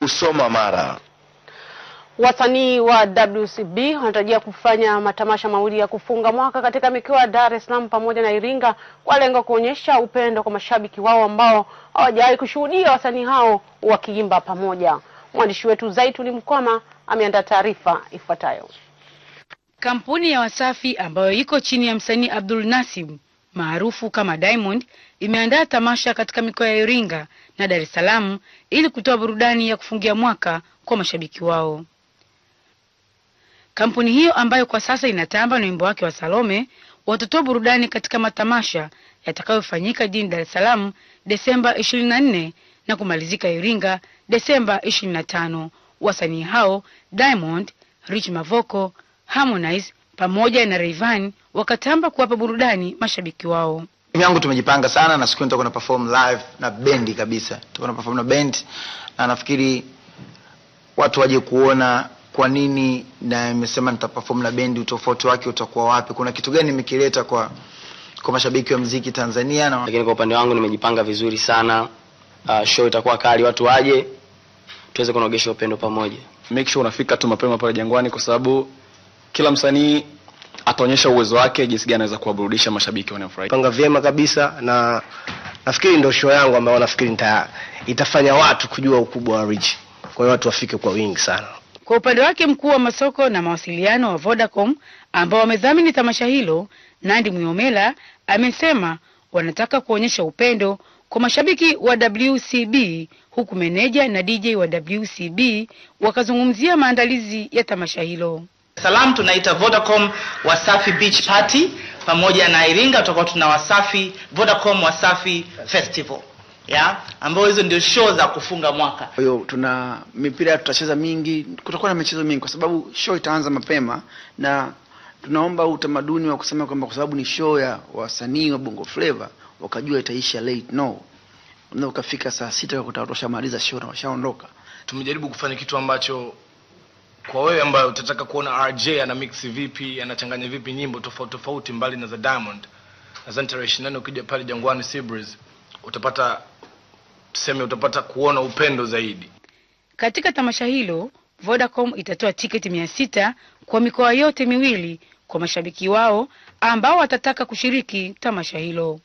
husoma mara. Wasanii wa WCB wanatarajia kufanya matamasha mawili ya kufunga mwaka katika mikoa ya Dar es Salaam pamoja na Iringa kwa lengo kuonyesha upendo kwa mashabiki wao ambao hawajawahi kushuhudia wasanii hao wakiimba pamoja. Mwandishi wetu Zaituni Mkwama ameandaa taarifa ifuatayo. Kampuni ya Wasafi ambayo iko chini ya msanii Abdul Nasim maarufu kama Diamond imeandaa tamasha katika mikoa ya Iringa na Dar es Salaam ili kutoa burudani ya kufungia mwaka kwa mashabiki wao. Kampuni hiyo ambayo kwa sasa inatamba na wimbo wake wa Salome watatoa burudani katika matamasha yatakayofanyika jijini Dar es Salaam Desemba 24 na kumalizika Iringa Desemba 25. Wasanii hao Diamond, Rich Mavoko, Harmonize pamoja na Rayvanny wakatamba kuwapa burudani mashabiki wao. Timu yangu tumejipanga sana na siku nitakuwa na perform live na bendi kabisa. Tutakuwa na perform na band na nafikiri watu waje kuona kwa nini na nimesema nita perform na bendi, utofauti wake utakuwa wapi? Kuna kitu gani nimekileta kwa kwa mashabiki wa muziki Tanzania na... Lakini kwa upande wangu nimejipanga vizuri sana. Uh, show itakuwa kali, watu waje tuweze kunogesha upendo pamoja. Make sure unafika tu mapema pale Jangwani kwa sababu kila msanii ataonyesha uwezo wake jinsi gani anaweza kuwaburudisha mashabiki wanaofurahi. Panga vyema kabisa, na nafikiri ndio show yangu ambayo nafikiri nita itafanya watu kujua ukubwa wa Rich, kwa hiyo watu wafike kwa wingi sana. Kwa upande wake mkuu wa masoko na mawasiliano wa Vodacom ambao wamedhamini tamasha hilo, Nandi Mwiomela amesema wanataka kuonyesha upendo kwa mashabiki wa WCB huku meneja na DJ wa WCB wakazungumzia maandalizi ya tamasha hilo. Salaam tunaita Vodacom Wasafi Beach Party pamoja na Iringa tutakuwa tuna Wasafi Vodacom Wasafi Festival ya ambayo hizo ndio show za kufunga mwaka. Kwa hiyo tuna mipira tutacheza mingi, kutakuwa na michezo mingi kwa sababu show itaanza mapema na tunaomba utamaduni wa kusema kwamba kwa sababu ni show ya wasanii wa Bongo Flava wakajua itaisha late. No, unaweza ukafika saa sita ukakuta watu washamaliza show na washaondoka. Tumejaribu kufanya kitu ambacho kwa wewe ambayo utataka kuona RJ ana mix vipi, anachanganya vipi nyimbo tofauti tofauti mbali na za Diamond, nadhani tarehe ishirini ukija pale Jangwani Seabreeze utapata tuseme, utapata kuona upendo zaidi katika tamasha hilo. Vodacom itatoa tiketi mia sita kwa mikoa yote miwili kwa mashabiki wao ambao watataka kushiriki tamasha hilo.